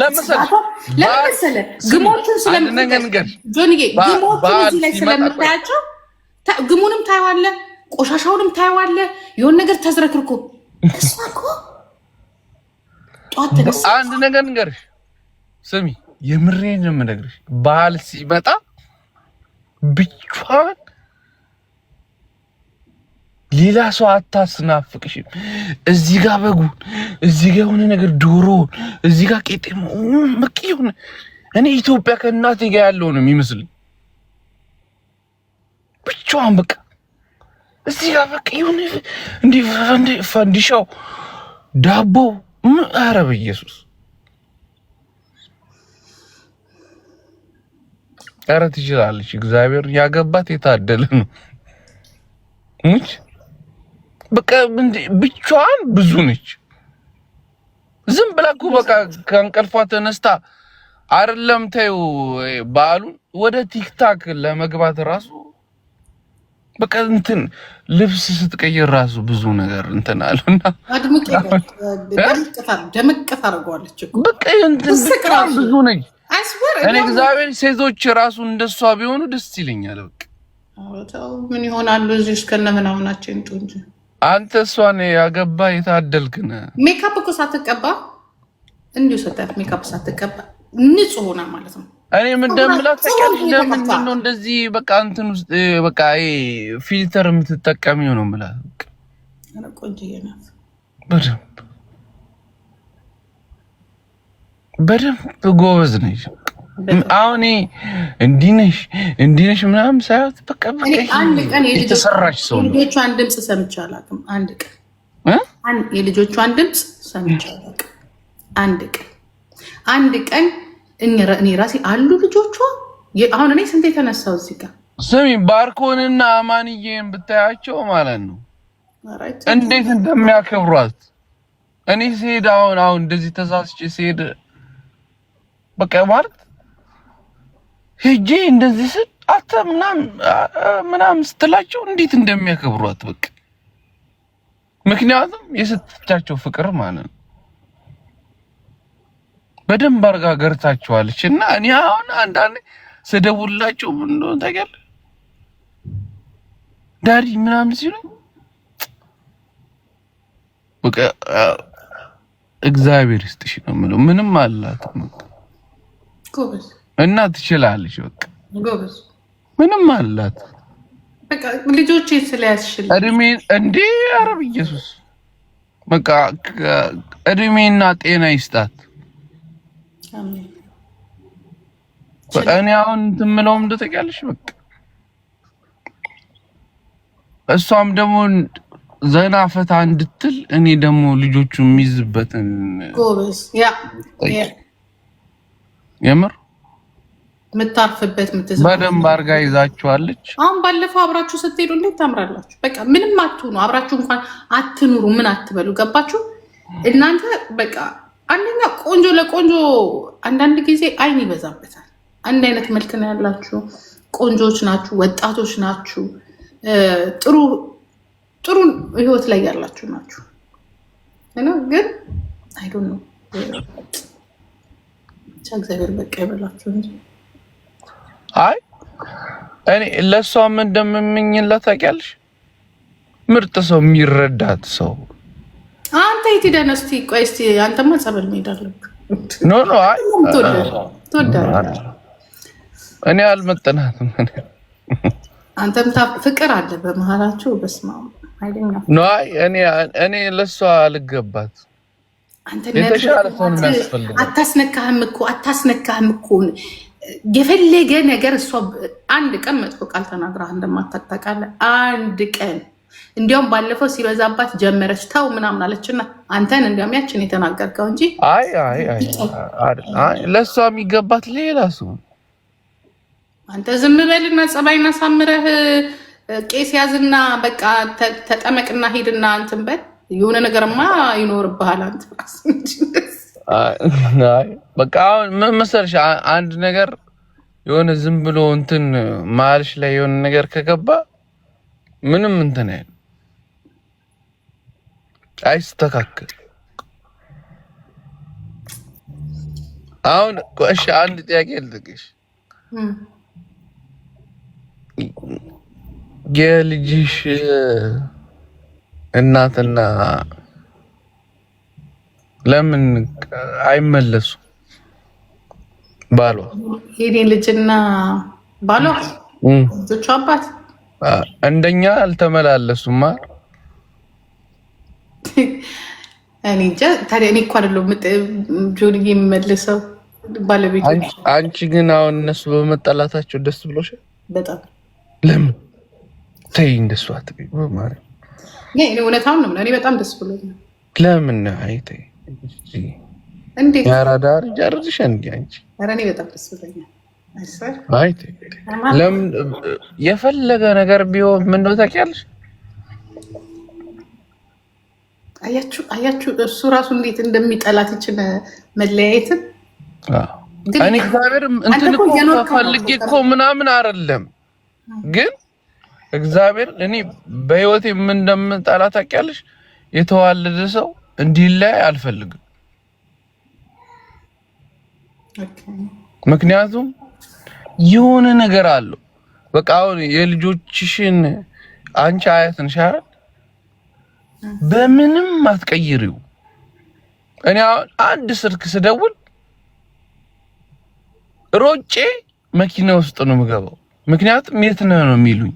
ለምሳሌ ግሞቹን ስለምታያቸው ግሙንም ታየዋለ፣ ቆሻሻውንም ታየዋለ። የሆን ነገር ተዝረክርኩ አንድ ነገር ንገርሽ፣ ስሚ፣ የምሬን ነው የምነግርሽ። በዓል ሲመጣ ብቻዋን ሌላ ሰው አታስናፍቅሽም። እዚህ ጋር በጉን፣ እዚህ ጋር የሆነ ነገር ዶሮ፣ እዚህ ጋር ቄጤ መቅ የሆነ እኔ ኢትዮጵያ ከእናቴ ጋር ያለው ነው የሚመስል ብቻዋን በቃ እዚህ ጋር በቃ የሆነ እንዲህ ፈንዲሻው ዳቦ ኧረ ኢየሱስ ኧረ ትችላለች። እግዚአብሔር ያገባት የታደለ ነው ሙች በቃ ብቻዋን ብዙ ነች። ዝም ብላኩ በቃ ከእንቅልፏ ተነስታ አይደለም ተይው በዓሉን ወደ ቲክታክ ለመግባት ራሱ በቃ እንትን ልብስ ስትቀይር ራሱ ብዙ ነገር እንትን አለና ደምቅት አድርገዋለች። በቃ ብዙ ነች። እኔ እግዚአብሔር ሴቶች ራሱ እንደሷ ቢሆኑ ደስ ይለኛል። በቃ ምን ይሆናሉ? እዚህ እስከነ ምናምናቸው ይምጡ እንጂ አንተ እሷን ያገባ የታደልክነ ሜካፕ እኮ ሳትቀባ እንዲሁ ሰጠት ሜካፕ ሳትቀባ ንጹህ ሆና ማለት ነው። እኔ እንደምላት ለምንድን ነው እንደዚህ በቃ እንትን ውስጥ በቃ ፊልተር የምትጠቀሚው ነው የምላት። ቆንጅዬ በደንብ በደንብ ጎበዝ ነች። አሁን እንዲህ ነሽ እንዲህ ነሽ ምናምን ሳያት በቃ የተሰራሽ ሰው ነው። የልጆቿን ድምፅ ሰምቼ አላውቅም። አንድ ቀን የልጆቿን ድምፅ ሰምቼ አላውቅም። አንድ ቀን አንድ ቀን እኔ ራሴ አሉ ልጆቿ አሁን እኔ ስንት የተነሳው እዚህ ጋር ስሚ፣ ባርኮንና አማንዬን ብታያቸው ማለት ነው እንዴት እንደሚያከብሯት እኔ ስሄድ አሁን አሁን እንደዚህ ተሳስቼ ስሄድ በቃ ማለት ሄጄ እንደዚህ ስል አተ ምናምን ስትላቸው እንዴት እንደሚያከብሯት በቃ ምክንያቱም የሰጠቻቸው ፍቅር ማለት ነው። በደንብ አድርጋ ገርታችኋለች። እና እኔ አሁን አንዳንዴ ስደውላቸው ምን እንደሆነ ታውቂያለሽ ዳዲ ምናምን ሲሉ በቃ እግዚአብሔር ይስጥሽ ነው የምለው። ምንም አላት እኮ እና ትችላለች። በቃ ምንም አላት። በቃ ልጆቼ ስለያዝሽልኝ እድሜ እንዴ አረብ ኢየሱስ በቃ እድሜና ጤና ይስጣት። እኔ አሁን እንትን ምለውም እንደተቀያለሽ በቃ እሷም ደግሞ ዘና ፈታ እንድትል እኔ ደግሞ ልጆቹ የሚይዝበትን ጎበዝ ያ የምር የምታርፍበት ምትዝ በደንብ ይዛችኋለች። አሁን ባለፈው አብራችሁ ስትሄዱ እንዴት ታምራላችሁ! በቃ ምንም አትሆኑ፣ አብራችሁ እንኳን አትኑሩ፣ ምን አትበሉ። ገባችሁ እናንተ በቃ አንደኛ ቆንጆ ለቆንጆ አንዳንድ ጊዜ አይን ይበዛበታል። አንድ አይነት መልክ ነው ያላችሁ፣ ቆንጆች ናችሁ፣ ወጣቶች ናችሁ፣ ጥሩ ጥሩ ህይወት ላይ ያላችሁ ናችሁ። ግን አይዶ ነው እግዚአብሔር በቃ ይበላችሁ እንጂ አይ እኔ ለእሷም እንደምመኝላት ታውቂያለሽ። ምርጥ ሰው፣ የሚረዳት ሰው። አንተ የት ሄደህ ነው? እስኪ ቆይ እስኪ አንተማ ጸበል መሄድ አለብህ። ኖ ኖ፣ አይ ትወዳለህ። እኔ አልመጠናትም። አንተም ፍቅር አለ በመሀላችሁ። በስመ አብ። ኖ አይ፣ እኔ ለእሷ አልገባት አንተ አታስነካህም እኮ አታስነካህም እኮ የፈለገ ነገር እሷ አንድ ቀን መጥፎ ቃል ተናግራ እንደማታጠቃለ አንድ ቀን እንዲያውም ባለፈው ሲበዛባት ጀመረች ተው ምናምን አለችና አንተን እንዲያውም ያችን የተናገርከው እንጂ ለእሷ የሚገባት ሌላ ሰው አንተ ዝም በልና ጸባይና ሳምረህ ቄስ ያዝና በቃ ተጠመቅና ሄድና እንትን በል የሆነ ነገርማ ይኖርብሃል አንተ ራስ በቃ አሁን ምን መሰለሽ፣ አንድ ነገር የሆነ ዝም ብሎ እንትን ማልሽ ላይ የሆነ ነገር ከገባ ምንም እንትን አይ አይስተካከል። አሁን እሺ፣ አንድ ጥያቄ ልጠይቅሽ። የልጅሽ እናትና ለምን አይመለሱ? ባሏ የኔ ልጅና ባሏ ልጆቹ አባት እንደኛ አልተመላለሱማ። እኔ እንጃ ታዲያ እኔ እኮ አይደለሁም ጆኒ የሚመልሰው ባለቤት። አንቺ ግን አሁን እነሱ በመጣላታቸው ደስ ብሎሻል? በጣም ለምን ተይ፣ እንደሱ አትበይ። በማርያም እውነታውን ነው። እኔ በጣም ደስ ብሎኛል። ለምን አይ ተይ እንዴት ያራዳ ልጅ አርድሽ እንዴ አንቺ ኧረ እኔ በጣም ደስ ብሎኛል አይ ለምን የፈለገ ነገር ቢሆን ምን ነው ታውቂያለሽ አያችሁ አያችሁ እሱ ራሱ እንዴት እንደሚጠላት ይችን መለያየትን እኔ እግዚአብሔር እንትን እኮ ፈልጌ እኮ ምናምን አይደለም ግን እግዚአብሔር እኔ በህይወቴ ምን እንደምጠላት ታውቂያለሽ የተዋለደ ሰው እንዲለያይ አልፈልግም። ምክንያቱም የሆነ ነገር አለው። በቃ አሁን የልጆችሽን አንቺ አያት እንሻል በምንም አትቀይሪው። እኔ አሁን አንድ ስልክ ስደውል ሮጬ መኪና ውስጥ ነው የምገባው። ምክንያቱም የት ነው የሚሉኝ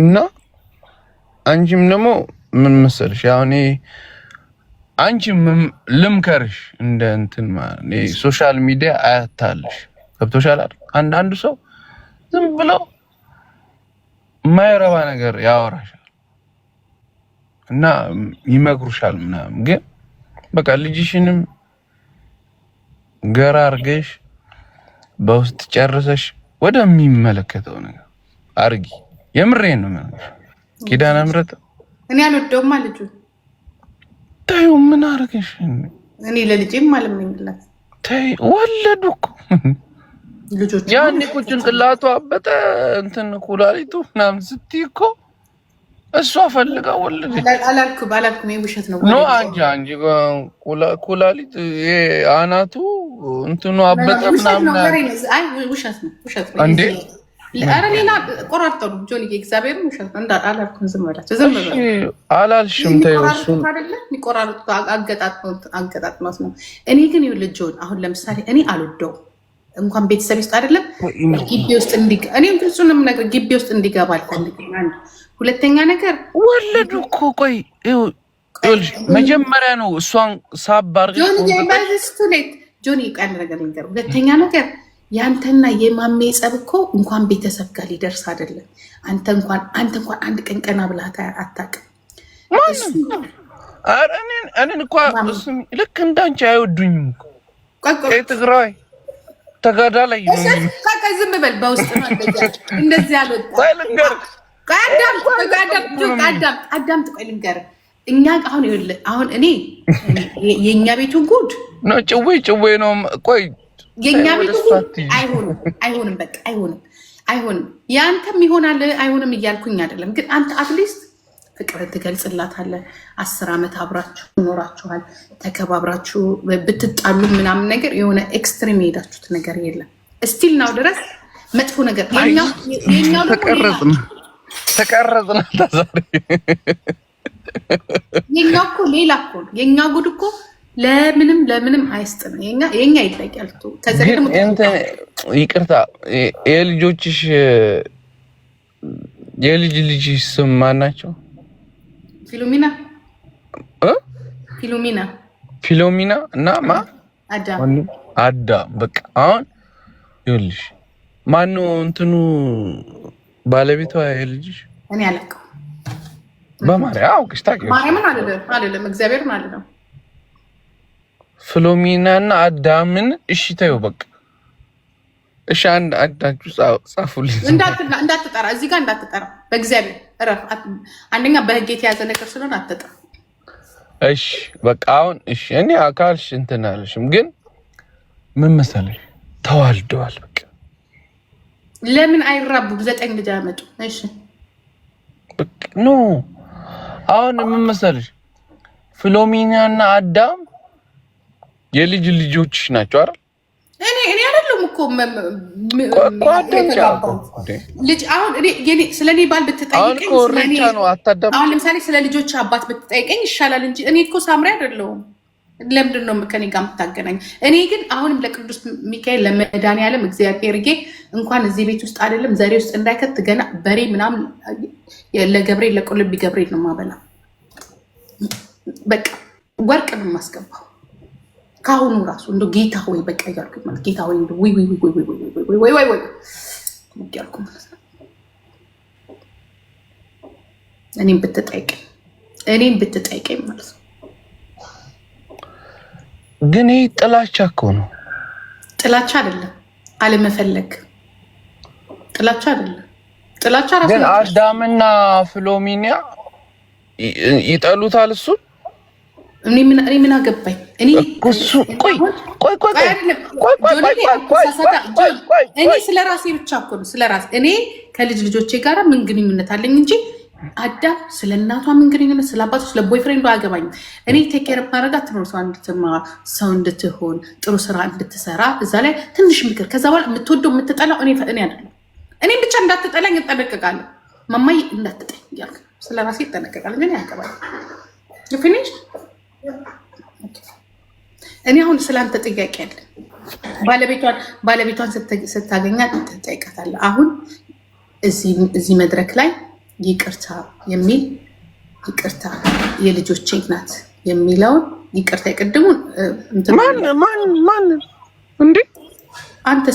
እና አንቺም ደግሞ ምን መሰልሽ እኔ አንቺም ልምከርሽ እንደ እንትን ማለት ሶሻል ሚዲያ አያታልሽ ገብቶሻል አይደል? አንዳንዱ ሰው ዝም ብሎ የማይረባ ነገር ያወራሻል እና ይመክሩሻል ምናምን። ግን በቃ ልጅሽንም ገራ አርገሽ በውስጥ ጨርሰሽ ወደሚመለከተው ነገር አርጊ። የምሬን ነው። ኪዳነ ምሕረት እኔ አልወደውማ። ልጁ ታዩ ምን አረገሽ? እኔ ለልጄም አልመኝላት። ተይ ወለዱ እኮ ያኔ እኮ ጭንቅላቱ አበጠ እንትን ኩላሊቱ ምናምን ስትይ እኮ እሷ ፈልጋ ወለደ አላልኩም አላልኩም። ውሸት ነው ኖ አንጂ አንጂ ኩላሊት አናቱ እንትኑ አበጠ ምናምን። አይ ውሸት ነው ውሸት ነው እንዴ ኧረ ሌላ ቆራርጠሉ ጆንዬ፣ እግዚአብሔርን ውሸት ዝም በላቸው ዝም አላልሽም ነው። እኔ ግን ይኸውልህ ጆን፣ አሁን ለምሳሌ እኔ እንኳን ቤተሰብ ውስጥ አይደለም ግቢ ውስጥ እኔ እሱንም ነገር ግቢ ውስጥ እንዲገባ አልፈልግም። ሁለተኛ ነገር ወለዱ እኮ ቆይ መጀመሪያ ነው እሷን ጆን፣ ነገር ሁለተኛ ነገር ያንተና የማሜ ጸብ እኮ እንኳን ቤተሰብ ጋር ሊደርስ አይደለም። አንተ እንኳን አንተ እንኳን አንድ ቀን ቀና ብላ አታውቅም። እኔን እኮ ልክ እንዳንቺ አይወዱኝም። ትግራይ ተጋዳላይ ዝም በል በውስጥ እንደዚህ አዳምጥ። ቆይ ልንገርህ እኛ አሁን አሁን እኔ የእኛ ቤቱን ጉድ ጭዌ ጭዌ ነው ቆይ የእኛ ቤት አይሆንም፣ አይሆንም፣ በቃ አይሆንም፣ አይሆንም። የአንተም ይሆናል አይሆንም እያልኩኝ አይደለም፣ ግን አንተ አትሊስት ፍቅር ትገልጽላታለህ። አስር ዓመት አብራችሁ ይኖራችኋል፣ ተከባብራችሁ ብትጣሉ ምናምን ነገር የሆነ ኤክስትሪም የሄዳችሁት ነገር የለም። እስቲል ናው ድረስ መጥፎ ነገር ተቀረጽን ተቀረጽን። ዛሬ የኛ እኮ ሌላ እኮ የኛ ጉድ እኮ ለምንም ለምንም አይስጥም። የኛ ይለያል። ይቅርታ የልጆችሽ የልጅ ልጅ ስም ማን ናቸው? ፊሎሚና ፊሎሚና ፊሎሚና እና ማ አዳ በቃ አሁን ይኸውልሽ፣ ማነው እንትኑ ባለቤቷ የልጅሽ? እኔ አለቀው በማርያም አውቅሽ ታውቂው ማርያምን አልልም፣ እግዚአብሔርን አልልም ፍሎሚናና አዳምን እሺ ተይው በቃ እሺ። አንድ አንዳችሁ ጻፉልኝ። እንዳትጠራ እዚህ ጋር እንዳትጠራ፣ በእግዚአብሔር አንደኛ በህግ የተያዘ ነገር ስለሆነ አትጠራ። እሺ በቃ አሁን እሺ፣ እኔ አካልሽ እንትን አለሽም፣ ግን ምን መሰለሽ ተዋልደዋል። በቃ ለምን አይራቡም? ዘጠኝ ልጅ አመጡ። እሺ ኖ አሁን ምን መሰለሽ ፍሎሚናና አዳም የልጅ ልጆች ናቸው አይደል? እኔ እኔ አይደለም እኮ ልጅ አሁን ስለ እኔ ባል ብትጠይቀኝ ለምሳሌ ስለ ልጆች አባት ብትጠይቀኝ ይሻላል እንጂ እኔ እኮ ሳምሪ አይደለሁም። ለምንድን ነው ከኔ ጋር የምታገናኝ? እኔ ግን አሁንም ለቅዱስ ሚካኤል ለመድኃኒዓለም እግዚአብሔር ጌ እንኳን እዚህ ቤት ውስጥ አይደለም ዘሬ ውስጥ እንዳይከት ገና በሬ ምናምን ለገብሬ ለቁልቢ ገብሬ ነው የማበላው። በቃ ወርቅ ነው የማስገባው ከአሁኑ ራሱ እንደ ጌታ ሆይ በቃ እያልኩ ማለት ጌታ ሆይ እያልኩ ማለት ነው። እኔም ብትጠይቀኝ እኔም ብትጠይቀኝ ማለት ነው። ግን ይህ ጥላቻ እኮ ነው። ጥላቻ አይደለም፣ አለመፈለግ ጥላቻ አይደለም። ጥላቻ ራሱ ግን አዳምና ፍሎሚኒያ ይጠሉታል እሱን እኔ ምን አገባኝ? እኔ ስለ ራሴ ብቻ እኮ ነው ስለ ራሴ። እኔ ከልጅ ልጆቼ ጋር ምን ግንኙነት አለኝ እንጂ አዳ ስለ እናቷ ምን ግንኙነት፣ ስለ አባቷ፣ ስለ ቦይፍሬንዱ አያገባኝ። እኔ ቴኬር ማድረጋት ትኖር ሰው እንድትማር ሰው እንድትሆን ጥሩ ስራ እንድትሰራ፣ እዛ ላይ ትንሽ ምክር። ከዛ በኋላ የምትወደው የምትጠላው እኔ እኔ አይደለም። እኔም ብቻ እንዳትጠላኝ እጠነቀቃለሁ። ማማይ እንዳትጠኝ እያልኩ ስለ ራሴ እጠነቀቃለሁ። ግን ያገባል ፊኒሽ እኔ አሁን ስለአንተ ጥያቄ አለ። ባለቤቷን ባለቤቷን ስታገኛት ትጠይቃታለህ። አሁን እዚህ መድረክ ላይ ይቅርታ የሚል ይቅርታ የልጆቼ ናት የሚለውን ይቅርታ የቅድሙን እንዴ አንተ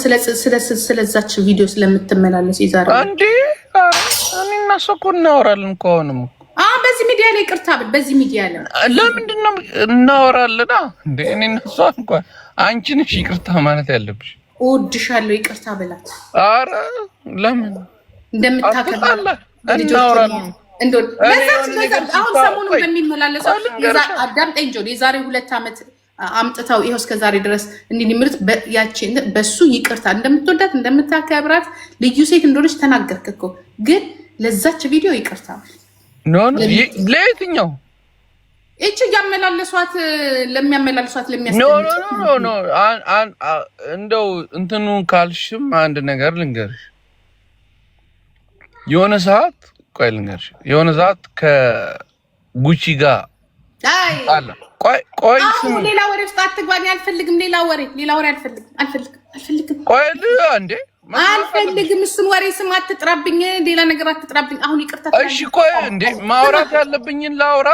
ስለዛች ቪዲዮ ስለምትመላለስ ይዛረ እንዴ እኔ እና እሷ እናወራለን ከሆንም አሁን በዚህ ሚዲያ ላይ ቅርታ ብል በዚህ ሚዲያ ላይ ለምንድን ነው እናወራለና? እንደ እኔ እነሷ እንኳን አንቺ ነሽ ይቅርታ ማለት ያለብሽ። እወድሻለሁ ይቅርታ ብላት። አረ ለምን እንደምታከላ እናወራለን። አሁን ሰሞኑን በሚመላለሰው አዳምጠኝ ጆ የዛሬ ሁለት ዓመት አምጥተው ይኸው ዛሬ ድረስ እንዲህ ምርት ያቺ በሱ ይቅርታ እንደምትወዳት እንደምታከብራት ልዩ ሴት እንደሆነች ተናገርክ እኮ ግን ለዛች ቪዲዮ ይቅርታ ለየትኛው ይቺ ያመላለሷት ለሚያመላልሷት እንደው ካልሽም አንድ ነገር ልንገርሽ። የሆነ ሰዓት ቆይ ልንገርሽ፣ የሆነ ሰዓት ከጉቺ ጋር ቆይ ቆይ፣ ሌላ ወሬ ውስጥ አትግባ። እኔ አልፈልግም ሌላ ወሬ ሌላ ወሬ አልፈልግም አልፈልግም አልፈልግም። ቆይ እንዴ አልፈልግም። እሱን ወሬ ስም አትጥራብኝ፣ ሌላ ነገር አትጥራብኝ። አሁን ይቅርታ። እሺ ቆይ እንዴ ማውራት ያለብኝን ላውራ።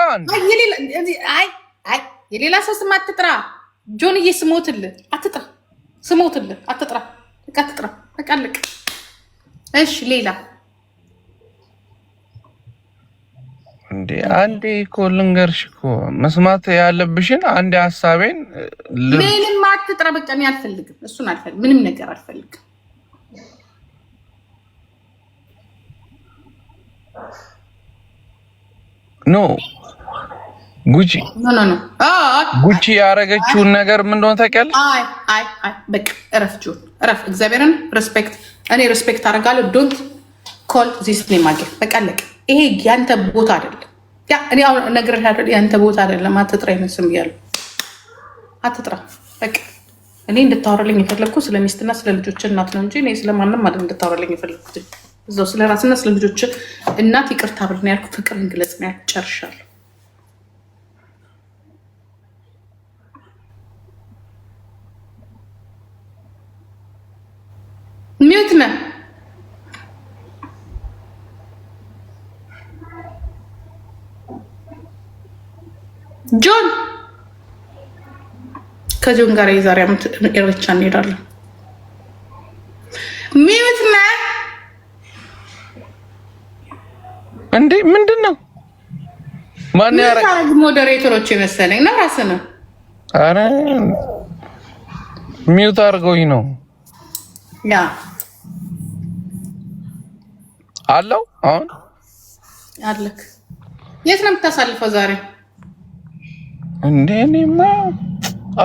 የሌላ ሰው ስም አትጥራ ጆንዬ፣ ስሞትልህ አትጥራ፣ ስሞትልህ አትጥራ፣ በቃ አትጥራ፣ በቃ አለቅ። እሺ ሌላ እንዴ አንዴ እኮ ልንገርሽ እኮ መስማት ያለብሽን አንዴ ሀሳቤን። ምንም አትጥራ፣ በቃ እኔ አልፈልግም፣ እሱን አልፈልግም፣ ምንም ነገር አልፈልግም። ኖ ጉቺ ጉቺ ያደረገችውን ነገር ምን እንደሆነ ታውቂያለሽ? አይ አይ በቃ እረፍ ጆን እረፍ። እግዚአብሔርን ሪስፔክት እኔ ሪስፔክት አደርጋለሁ። ዶንት ኮል ዚስ ኔም አገ በቃ ለቅ። ይሄ ያንተ ቦታ አይደለም። ያ እኔ አሁን ነገር ያንተ ቦታ አይደለም። አትጥራ ይመስም ብያለሁ። አትጥራ በቃ። እኔ እንድታወራልኝ የፈለግኩ ስለሚስትና ስለ ልጆች እናት ነው እንጂ እኔ ስለማንም አይደል እንድታወራልኝ የፈለግኩት። እዛው ስለ ራስና ስለ ልጆች እናት ይቅርታ ብልን ያልኩ ፍቅር እንግለጽ ነው ያልኩት። ሚዩት ነ ጆን ከጆን ጋር የዛሬ አመት ኢሬቻ እንሄዳለን። ማን ያረግ ሞዴሬተሮች የመሰለኝ ነው። ራስ ነው። አረ ሚውት አድርገውኝ ነው። ያ አለው አሁን አለክ። የት ነው የምታሳልፈው ዛሬ? እንዴ እኔማ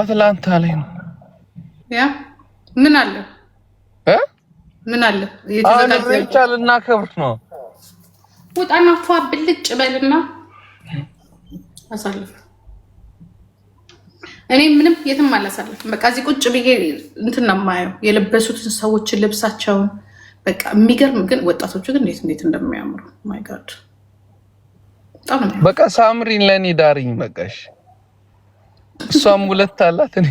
አትላንታ ላይ ነው። ያ ምን አለ እ ምን አለ የተዘጋጀ ልናከብር ነው። ውጣና ፏ ብልጭ በልና አሳልፍ። እኔ ምንም የትም አላሳልፍም። በቃ እዚህ ቁጭ ብዬ እንትን ነው የማየው የለበሱትን ሰዎችን ልብሳቸውን። በቃ የሚገርም ግን ወጣቶቹ ግን እንዴት እንዴት እንደሚያምሩ ማይ ጋድ። በቃ ሳምሪን ለእኔ ዳርኝ በቃሽ። እሷም ሁለት አላት እኔ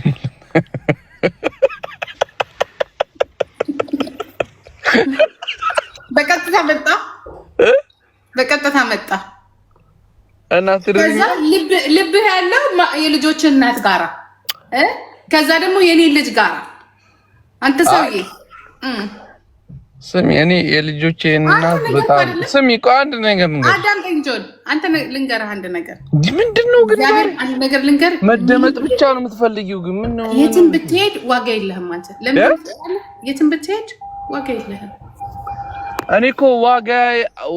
በቀጥታ መጣ በቀጥታ መጣ ከዛ ልብህ ያለው የልጆች እናት ጋራ ከዛ ደግሞ የኔ ልጅ ጋራ አንተ ሰውዬ ስሚ፣ እኔ የልጆቼ እናት በጣም ስሚ፣ ቆይ አንድ ነገር ልንገርህ። አዳምጠኝ ጆን፣ አንተ ልንገርህ አንድ ነገር። ምንድን ነው ግን አንድ ነገር ልንገርህ። መደመጥ ብቻ ነው የምትፈልጊው? ግን ምን ነው የትም ብትሄድ ዋጋ የለህም አንተ። ለምን የትም ብትሄድ ዋጋ የለህም። እኔ እኮ ዋጋ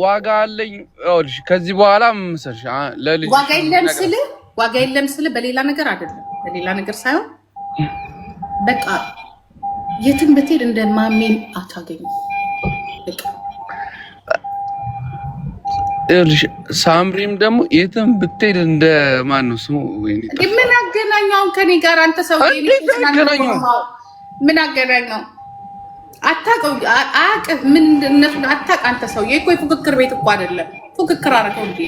ዋጋ አለኝ። ይኸውልሽ ከዚህ በኋላ መሰልሽ ለልጅ ዋጋ የለም ስልህ ዋጋ የለም ስልህ በሌላ ነገር አይደለም፣ በሌላ ነገር ሳይሆን በቃ የትም ብትሄድ እንደ ማሜን አታገኝም። ይኸውልሽ ሳምሪም ደግሞ የትም ብትሄድ እንደ ማን ነው ስሙ? ምን አገናኛው ከኔ ጋር አንተ ሰው ምን አገናኛው አታውቀው አያውቅህ። ምን አታውቅ። አንተ ሰውዬ እኮ የፉክክር ቤት እኮ አይደለም። ፉክክር አረገው እንዴ!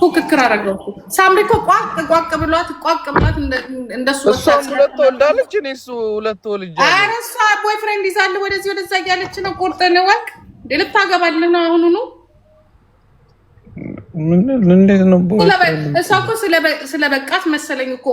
ፉክክር አረገው። ሳምሪ እኮ ቋቅ ቋቅ ብሏት ቋቅ ብሏት እንደሱ ሁለት ወልዳለች። እኔ እሱ ሁለት ወልጅ። ኧረ እሷ ቦይፍሬንድ ይዛለሁ ወደዚህ ወደዛ እያለች ነው። ቁርጥን ወቅ ልታገባልህ ነው አሁኑ ነው እንዴት ነው? እሷ እኮ ስለበቃት መሰለኝ እኮ